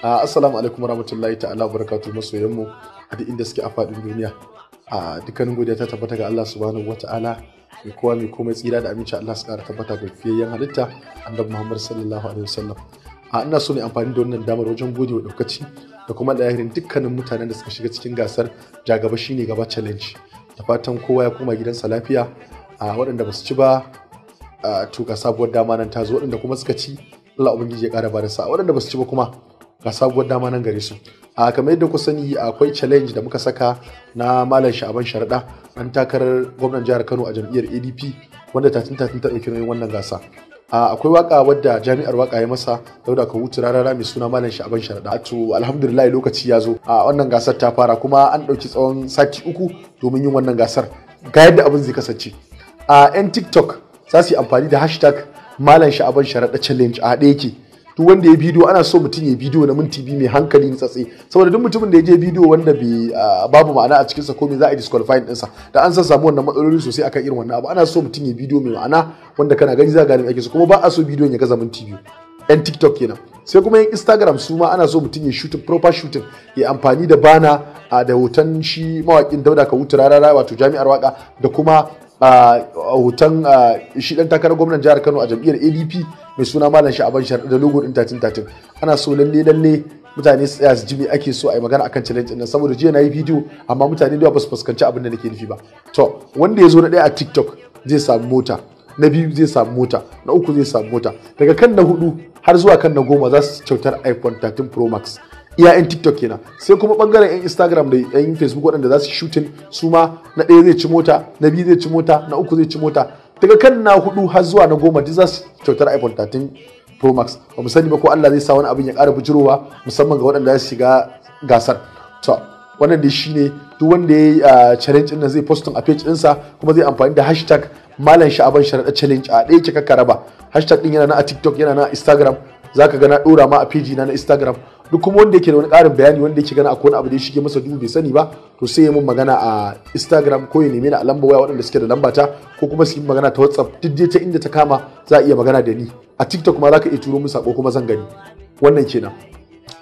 Ah, assalamu alaikum warahmatullahi ta'ala barakatuh masoyan mu a duk inda suke a faɗin duniya a ah, dukkanin godiya ta tabbata ga Allah subhanahu wata'ala mai kowa mai komai tsira da aminci Allah su kara tabbata ga fiyayyen halitta annabi Muhammad sallallahu alaihi wasallam a ah, ina so ne amfani da wannan damar wajen gode wa daukaci da kuma lahirin dukkanin mutanen da suka shiga cikin gasar ja-gaba shi shine gaba challenge da fatan kowa ya koma gidansa lafiya a waɗanda ba su ci ba to ga sabuwar dama nan ta zo waɗanda kuma suka ci Allah ubangiji ya ƙara ba da sa waɗanda ba su ci ba kuma ga sabuwar dama nan gare su a kamar yadda ku sani akwai challenge da muka saka na malam sha'aban sharaɗa an takarar gwamnan jihar kano a jam'iyyar adp wanda tatin tatin ta ɗauki nauyin wannan gasa akwai waka wadda jami'ar waka ya masa dauda ka wuce rarara mai suna malam sha'aban sharaɗa to alhamdulillah lokaci ya zo a wannan gasar ta fara kuma an ɗauki tsawon sati uku domin yin wannan gasar ga yadda abin zai kasance a 'yan tiktok za su yi amfani da hashtag malam sha'aban sharaɗa challenge a haɗe yake duk wanda ya bidiyo ana so mutum ya bidiyo na minti biyu mai hankali na tsatsi saboda duk mutumin da ya je bidiyo wanda bai ah, babu ma'ana a cikinsa ko me za a disqualifying ɗinsa da an san samu wannan matsaloli sosai akan irin wannan abu ana so mutum ya bidiyo mai ma'ana wanda kana gani za gane ake kuma ba a so bidiyon ya gaza minti biyu yan tiktok kenan sai kuma yan instagram su ma ana so mutum ya shooting proper shooting ya amfani da bana ah, da hoton shi mawakin dauda ka wuta rarara wato jami'ar waka da kuma a hoton shi dan takarar gwamnan jihar Kano a jam'iyyar ADP mai suna Malam Sha'aban Shar da logo din 1313 ana so lalle lalle mutane su tsaya su ji me ake so a yi magana akan challenge din saboda jiya na yi bidiyo amma mutane da ba su fuskanci abin da nake nufi ba to wanda ya zo na daya a TikTok zai samu mota na biyu zai samu mota na uku zai samu mota daga kan na hudu har zuwa kan na goma za su kyautar iPhone 13 Pro Max iya yan tiktok kenan sai kuma bangaren yan instagram da yan facebook waɗanda za su shooting su ma na ɗaya zai ci mota na biyu zai ci mota na uku zai ci mota daga kan na hudu har zuwa na goma duk za su kyautar iphone 13 pro max ba mu sani ba ko allah zai sa wani abin ya ƙara bujirowa musamman ga waɗanda za su shiga gasar to wannan dai shine duk wanda ya yi ah, challenge ɗin zai postin a page ɗinsa kuma zai amfani da hashtag malam sha'aban sharaɗa challenge a ɗaya kika karaba hashtag ɗin yana na a tiktok yana na a instagram za ka gana dora ma a feji na na Instagram duk kuma wanda yake da wani ƙarin bayani wanda yake gana akwai wani abu da ya shige masa dubu bai sani ba to sai ya mun magana a Instagram ko ya neme ni a lamba waya waɗanda suke da lamba ta ko kuma su yi magana ta WhatsApp duk dai ta inda ta kama za a iya magana da ni a TikTok ma ka iya turo min sako kuma zan gani wannan kenan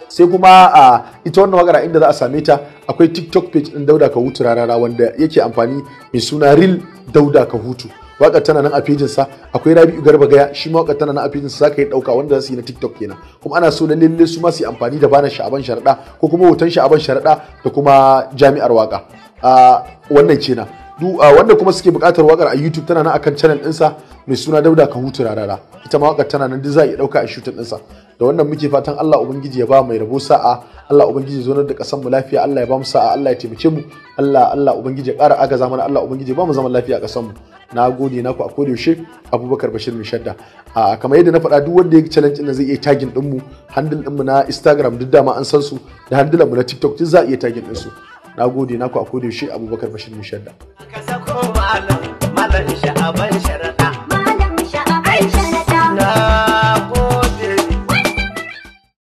sai kuma a ita wannan wakar inda za a same ta akwai tiktok page din dauda ka hutu rarara wanda yake amfani mai suna real dauda ka hutu wakar tana nan a pejin sa akwai rabi'u garba gaya shi ma wakar tana nan a pejin sa zaka yi dauka wanda za su yi na tiktok kenan kuma ana so lalle su ma su yi amfani da bana sha'aban sharada ko kuma hoton sha'aban sharada da kuma jami'ar waka wannan kenan du wanda kuma suke bukatar wakar a YouTube tana nan akan channel ɗinsa mai suna Dauda ka hutu rarara ita ma wakar tana nan duk za a iya ɗauka a shooting ɗinsa da wannan muke fatan Allah ubangiji ya ba mai rabo sa'a Allah ubangiji zonar da ƙasar mu lafiya Allah ya ba mu sa'a Allah ya taimake mu Allah Allah ubangiji ya ƙara agaza mana Allah ubangiji ya ba mu zaman lafiya a ƙasar mu na gode naku a koda yaushe abubakar bashir mai shadda a kamar yadda na faɗa duk wanda ya challenge ɗin zai iya tagin ɗinmu handle ɗinmu na instagram duk dama an san su da handle mu na tiktok duk za a iya tagin ɗinsu na gode naku a koda yaushe abubakar bashir mai shadda malam malam sha'aban